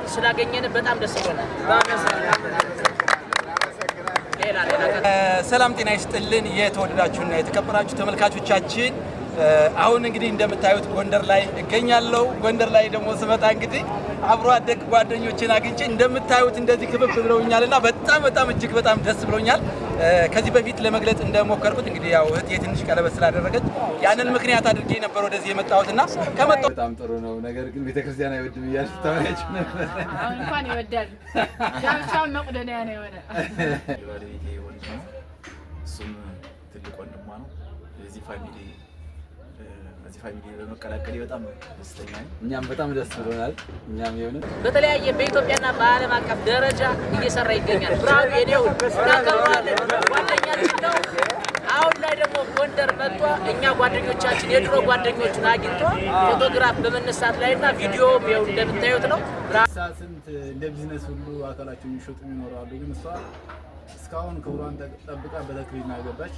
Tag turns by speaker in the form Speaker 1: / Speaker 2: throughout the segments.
Speaker 1: የሚለውን ስላገኘን በጣም ደስ ብሎናል።
Speaker 2: ሰላም ጤና ይስጥልን። የተወደዳችሁና የተከበራችሁ ተመልካቾቻችን አሁን እንግዲህ እንደምታዩት ጎንደር ላይ እገኛለሁ። ጎንደር ላይ ደግሞ ስመጣ እንግዲህ አብሮ አደግ ጓደኞችን አግኝቼ እንደምታዩት እንደዚህ ክብብ ብለውኛል እና በጣም በጣም እጅግ በጣም ደስ ብሎኛል። ከዚህ በፊት ለመግለጽ እንደሞከርኩት እንግዲህ ያው እህት የትንሽ ቀለበት ስላደረገች ያንን ምክንያት አድርጌ ነበር ወደዚህ የመጣሁት እና
Speaker 3: ከመጣሁ በጣም ጥሩ ነው። ነገር ግን ቤተክርስቲያን አይወድም እያልሽ ታወሪያች ነበር።
Speaker 4: እንኳን ይወዳል ዳብቻውን መቁደንያ ነው የሆነ
Speaker 5: እሱም ትልቅ ወንድሟ ነው የዚህ ፋሚሊ እዚህ ፋሚሊ በመቀላቀል በጣም ደስተኛ ነኝ።
Speaker 3: እኛም በጣም ደስ ብሎናል። እኛም የሆነ
Speaker 1: በተለያየ በኢትዮጵያና በዓለም አቀፍ ደረጃ እየሰራ ይገኛል። ብርሃኑ የኔው እናከብራለን። ጓደኛችን ነው። አሁን ላይ ደግሞ ጎንደር መጥቶ እኛ ጓደኞቻችን የድሮ ጓደኞቹን አግኝቶ ፎቶግራፍ በመነሳት ላይ እና ቪዲዮ ው እንደምታዩት ነው።
Speaker 2: ስንት እንደ ቢዝነስ ሁሉ አካላቸው የሚሸጡ ይኖራሉ። ግን እሷ እስካሁን ክብሯን ጠብቃ በተክሊና ገባች።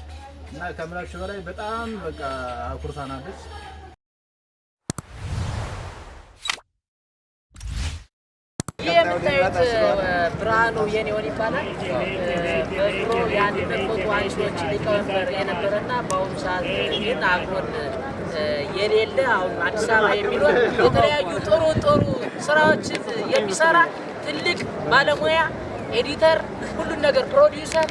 Speaker 2: እና ከምላችሁ በላይ በጣም በቃ አኩርታናለች።
Speaker 1: የምታዩት ብርሃኑ የኔሆን ይባላል። በድሮ የአንድነት ፎቶ አንሺዎች ሊቀመንበር የነበረና በአሁኑ ሰዓት ግን አብሮን የሌለ አሁን አዲስ አበባ የሚኖር የተለያዩ ጥሩ ጥሩ ስራዎችን የሚሰራ ትልቅ ባለሙያ ኤዲተር፣ ሁሉን ነገር ፕሮዲውሰር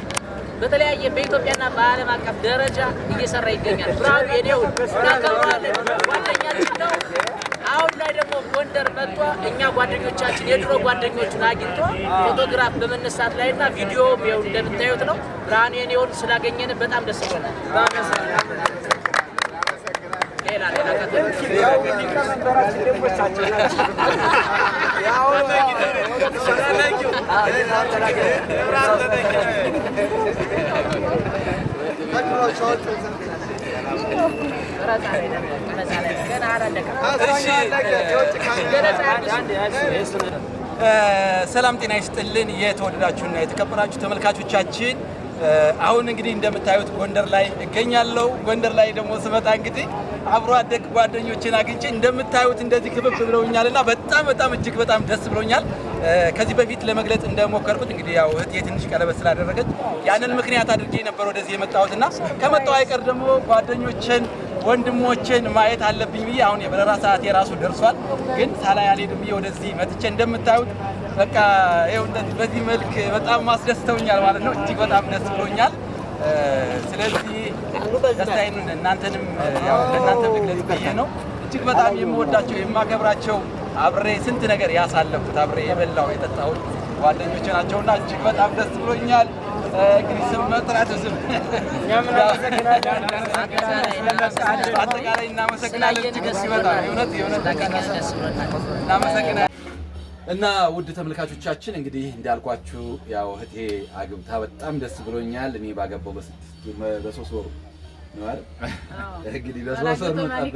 Speaker 1: በተለያየ በኢትዮጵያና በዓለም አቀፍ ደረጃ እየሰራ ይገኛል። ብርሃኑ የኔውን እናከብረዋለን። ዋነኛችን ነው። አሁን ላይ ደግሞ ጎንደር መጥቶ እኛ ጓደኞቻችን የድሮ ጓደኞቹን አግኝቶ ፎቶግራፍ በመነሳት ላይ እና ቪዲዮ እንደምታዩት ነው። ብርሃኑ የኔውን ስላገኘን በጣም ደስ ይላል።
Speaker 2: ሰላም ጤና ይስጥልን። የተወደዳችሁና የተከበራችሁ ተመልካቾቻችን አሁን እንግዲህ እንደምታዩት ጎንደር ላይ እገኛለሁ። ጎንደር ላይ ደግሞ ስመጣ እንግዲህ አብሮ አደግ ጓደኞችን አግኝቼ እንደምታዩት እንደዚህ ክብብ ብለውኛል እና በጣም በጣም እጅግ በጣም ደስ ብሎኛል። ከዚህ በፊት ለመግለጽ እንደሞከርኩት እንግዲህ ያው እህት የትንሽ ቀለበት ስላደረገች ያንን ምክንያት አድርጌ ነበር ወደዚህ የመጣሁት እና ከመጣሁ አይቀር ደግሞ ጓደኞችን ወንድሞቼን ማየት አለብኝ ብዬ አሁን የበረራ ሰዓት የራሱ ደርሷል። ግን ሳላይ አልሄድም ብዬ ወደዚህ መጥቼ እንደምታዩት በቃ ይኸው በዚህ መልክ በጣም ማስደስተውኛል ማለት ነው። እጅግ በጣም ደስ ብሎኛል። ስለዚህ ደስታዬን እናንተንም ለእናንተ መግለጽ ብዬ ነው። እጅግ በጣም የምወዳቸው የማከብራቸው አብሬ ስንት ነገር ያሳለፉት አብሬ የበላው የጠጣሁት ጓደኞቼ ናቸውና እጅግ በጣም ደስ ብሎኛል። እንግዲህ ስም መጥራት ዝም አጠቃላይ እናመሰግናለን። ችግር ሲመጣ የእውነት
Speaker 3: እናመሰግናለን። እና ውድ ተመልካቾቻችን እንግዲህ እንዳልኳችሁ ያው እህቴ አግብታ በጣም ደስ ብሎኛል። እኔ ባገባው በሶስት ወሩ
Speaker 4: እንግዲህ በሶስት ወሩ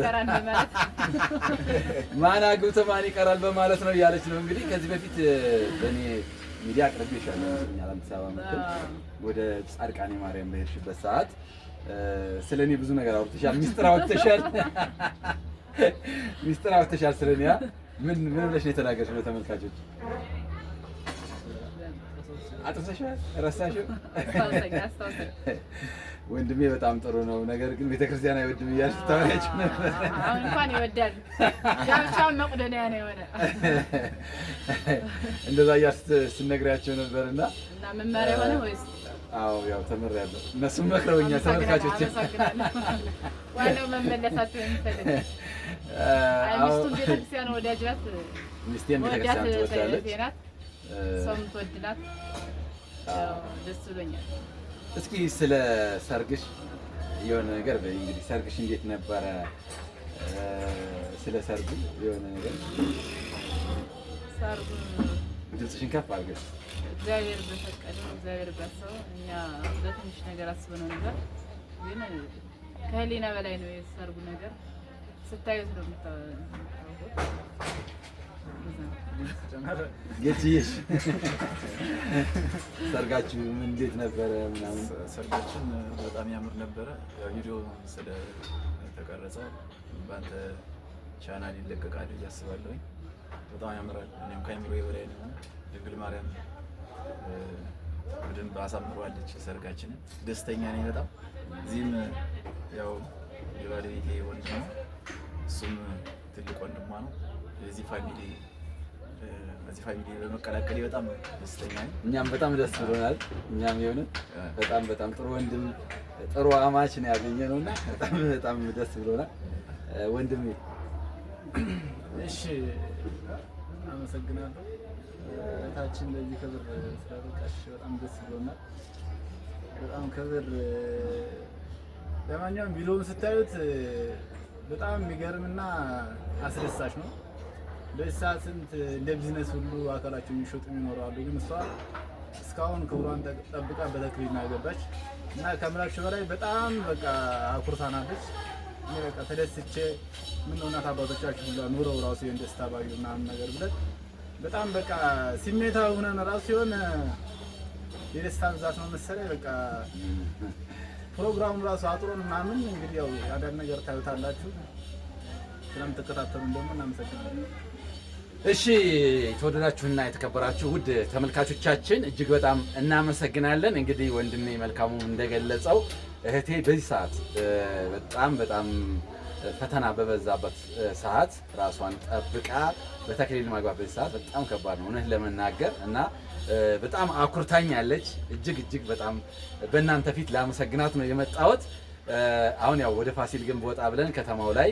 Speaker 3: ማን አግብቶ ማን ይቀራል በማለት ነው እያለች ነው እንግዲህ ከዚህ በፊት በእኔ ሚዲያ አቅርቤ ይሻለ ይመስለኛል። አዲስ አበባ መጥተን ወደ ጻድቃኔ ማርያም በሄድሽበት ሰዓት ስለ እኔ ብዙ ነገር አውርተሻል፣ ሚስጥር አውርተሻል፣ ሚስጥር አውርተሻል ስለ እኔ ምን ምን ብለሽ ነው የተናገርሽ ለተመልካቾች? አጥፍተሻል፣ ረሳሽው ወንድሜ በጣም ጥሩ ነው። ነገር ግን ቤተክርስቲያን አይወድም እያልሽ ታወሪያቸው ነበር።
Speaker 4: አሁን እንኳን ይወዳል። ዳብቻውን መቁደንያ ነው የሆነ
Speaker 3: እንደዛ እያልሽ ስነግሪያቸው ነበር እና
Speaker 4: መመሪያ ሆነ ወይስ?
Speaker 3: አዎ ያው ተምሬያለሁ፣ እነሱም መክረውኛል። ተመልካቾች
Speaker 4: ዋናው መመለሳቸው የሚፈልግ ሚስቱን ቤተክርስቲያን ወዳጅ ናት።
Speaker 3: ሚስቴን ቤተክርስቲያን ትወዳለች፣
Speaker 4: ሰው የምትወድ ደስ ብሎኛል።
Speaker 3: እስኪ ስለ ሰርግሽ የሆነ ነገር እንግዲህ ሰርግሽ እንዴት ነበረ? ስለ ሰርጉ የሆነ ነገር ሰርጉ ድምፅሽን ከፍ አድርገሽ
Speaker 4: እግዚአብሔር በፈቀደው እግዚአብሔር ባሰበው እኛ በትንሽ ነገር አስበነው ነበር፣ ግን ከህሊና በላይ ነው የሰርጉ ነገር። ስታዩት ነው የምታውቁት።
Speaker 3: ጌትዬሽ ሰርጋችሁ እንዴት ነበረ?
Speaker 5: ምናምን ሰርጋችን በጣም ያምር ነበረ። ቪዲዮ ስለተቀረጸ በአንተ ቻናል ይለቀቃል እያስባለሁኝ በጣም ያምራል። እኔም ከአይምሮ የበላይ ሆነ። ድንግል ማርያም በደንብ አሳምሯለች ሰርጋችንን። ደስተኛ ነኝ በጣም እዚህም ያው የባለቤቴ ወንድም ነው፣ እሱም ትልቅ ወንድሟ ነው በዚህ ፋሚሊ በዚህ ፋሚሊ በመቀላቀል በጣም ደስተኛ ነኝ።
Speaker 3: እኛም በጣም ደስ ብሎናል። እኛም የሆነ በጣም በጣም ጥሩ ወንድም ጥሩ አማች ነው ያገኘ ነው እና በጣም በጣም ደስ ብሎናል ወንድም።
Speaker 2: እሺ አመሰግናለሁ። እህታችን ለዚህ ክብር ስላበቃሽ በጣም ደስ ብሎናል። በጣም ክብር። ለማንኛውም ቪዲዮውን ስታዩት በጣም የሚገርምና አስደሳች ነው። በሳ ስንት እንደ ቢዝነስ ሁሉ አካላቸው የሚሸጡ ይኖራሉ። ግን እሷ እስካሁን ክብሯን ጠብቃ በተክሊና ገባች እና ከምላችሁ በላይ በጣም በቃ አኩርታናለች። እኔ በቃ ተደስቼ ምነው እናት አባቶቻችሁ ሁላ ኑረው ራሱ ይሄን ደስታ ባዩ ምናምን ነገር ብለት በጣም በቃ ስሜታዊ ሆነን ራሱ የሆነ የደስታ ብዛት ነው መሰለኝ በቃ ፕሮግራሙን ራሱ አጥሮን ምናምን እንግዲህ ያው አንዳንድ ነገር ታዩታላችሁ። ስለምትከታተሉ ደግሞ እናመሰግናለን። እሺ የተወደዳችሁና የተከበራችሁ ውድ ተመልካቾቻችን እጅግ በጣም እናመሰግናለን። እንግዲህ ወንድሜ መልካሙ እንደገለጸው እህቴ በዚህ ሰዓት በጣም በጣም ፈተና በበዛበት ሰዓት ራሷን ጠብቃ በተክሊል ማግባት በዚህ ሰዓት በጣም ከባድ ነው እውነት ለመናገር እና በጣም አኩርታኛለች። እጅግ እጅግ በጣም በእናንተ ፊት ላመሰግናት ነው የመጣሁት። አሁን ያው ወደ ፋሲል ግንብ ወጣ ብለን ከተማው ላይ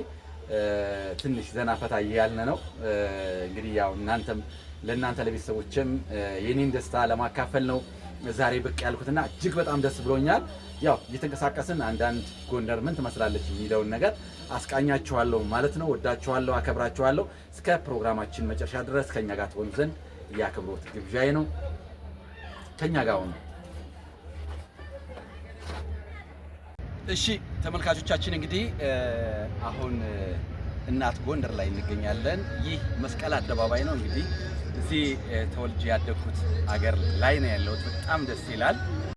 Speaker 2: ትንሽ ዘና ፈታ እያልን ነው። እንግዲህ ያው እናንተም ለእናንተ ለቤተሰቦችም የኔን ደስታ ለማካፈል ነው ዛሬ ብቅ ያልኩትና እጅግ በጣም ደስ ብሎኛል። ያው እየተንቀሳቀስን አንዳንድ ጎንደር ምን ትመስላለች የሚለውን ነገር አስቃኛችኋለሁ ማለት ነው። ወዳችኋለሁ፣ አከብራችኋለሁ። እስከ ፕሮግራማችን መጨረሻ ድረስ ከኛ ጋር ትሆኑ ዘንድ የአክብሮት ግብዣዬ ነው። ከኛ ጋር ሆነው እሺ ተመልካቾቻችን እንግዲህ አሁን እናት ጎንደር ላይ እንገኛለን። ይህ መስቀል አደባባይ ነው። እንግዲህ እዚህ ተወልጄ ያደግኩት አገር ላይ ነው ያለሁት። በጣም ደስ ይላል።